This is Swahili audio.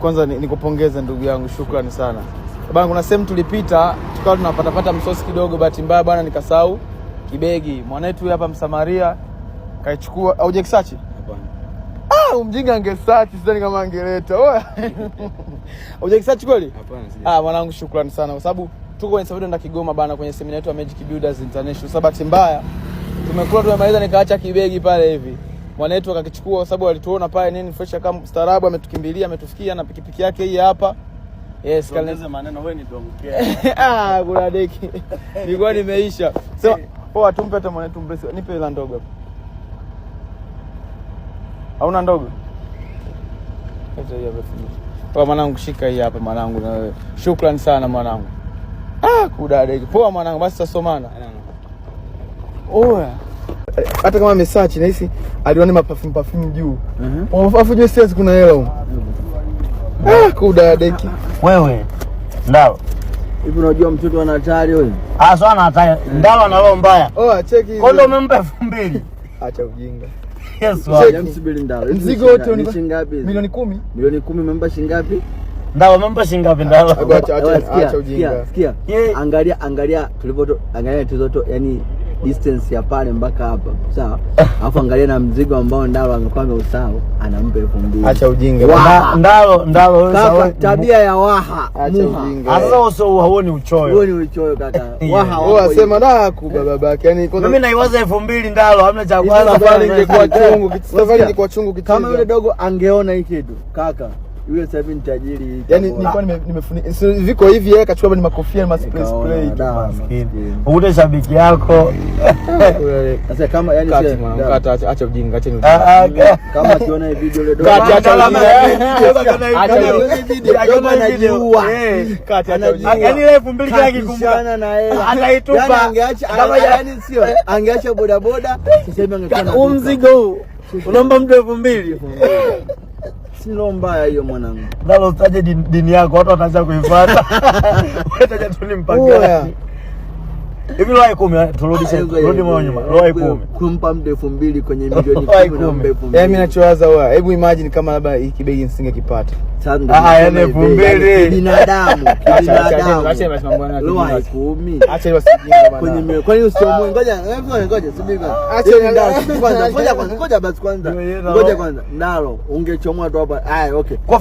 kwanza nikupongeze ni ndugu yangu, shukrani sana bana. Kuna sehemu tulipita tukawa tunapatapata msosi kidogo, bahati mbaya bwana, nikasahau kibegi. huyu hapa msamaria kaichukua au jekisachi ah, mjinga angesachi, sidhani kama angeleta ujakisachi kweli. Ah, mwanangu, shukrani sana kwa sababu tuko kwenye safari enda Kigoma bana, kwenye semina yetu ya Magic Builders International. Sasa bahati mbaya tumekula tumemaliza, nikaacha kibegi pale hivi mwanetu akakichukua kwa sababu walituona pale nini fresh kama mstaarabu ametukimbilia ametufikia na pikipiki yake hii hapa. Yes, kaleza maneno wewe ni donkey. Ah, kuna deki. Nilikuwa nimeisha. So, poa tumpe hata mwanetu mbesi Nipe ile ndogo hapo. Hauna ndogo? Hiyo hiyo basi. Poa mwanangu, shika hii hapa mwanangu na wewe. Shukrani sana mwanangu. Ah, kuda deki. Poa mwanangu, basi tasomana. Oya hata kama amesearch na hisi aliona maperfume perfume juu uh-huh. afu juu stairs kuna hela huko. Ah, kuda deki. wewe ndao hivi unajua mtoto ana hatari wewe? ah so ana hatari ndao ana roho mbaya oh cheki hiyo ndio umempa 2000 acha ujinga yes wao msubiri ndao mzigo wote ni shilingi ngapi milioni 10 milioni 10 umempa shilingi ngapi Ndawa mambo shilingi ngapi ndawa? Acha ujinga. Sikia, angalia angalia tulipo angalia tulizo yani distance ya pale mpaka hapa sawa, alafu angalia na mzigo ambao ndalo angekuwa ameusahau, anampa elfu mbili. Acha ujinga Ndaro, Ndalo, wewe sawa, tabia ya waha. Acha ujinga sasa, huo ni uchoyo, huo ni uchoyo kaka. Waha wao wasema na kuba babake, yani mimi naiwaza elfu mbili ndalo hamna cha kwanza. Safari ingekuwa chungu, safari ingekuwa chungu kitu. Kama yule dogo angeona hiki kitu kaka yule sasa hivi ni tajiri. Yaani nilikuwa nimefunika viko hivi, yeye kachukua ni makofia na maspray spray tu maskini. Ukute shabiki yako sasa, kama yani sasa, acha ujinga, acha ujinga. Ah, ah, kama ah. akiona hii video ile dogo, acha acha alama video, kama anajiua eh, kati, acha yani ile 2000 kila kikumbuka na yeye anaitupa, yaani angeacha kama yani sio, angeacha bodaboda sasa hivi angekuwa na mzigo huu, unaomba mtu 2000 roho mbaya hiyo mwanangu. Nalo utaje dini yako, watu wataanza kuifuata. Wewe taja tu ni Hivi roho kumi turudishe rudi mwa nyuma. loa ikumi Kumpa mda elfu mbili kwenye milioni kumi na eh, mbili. Yaani nachowaza wewe. Hebu imagine kama labda hiki begi nisinge kipata. Ah, yaani elfu mbili. Binadamu, binadamu. Acha basi mambo yanayo. Acha hiyo Kwenye milioni. Kwani usiomwe. Ah. Ngoja, eh, ngoja, ngoja, subiri kwanza. Ah, yaani acha ngoja kwanza. Ngoja basi kwanza. Ngoja kwanza. Ndalo, ungechomoa tu hapa. Ah, okay.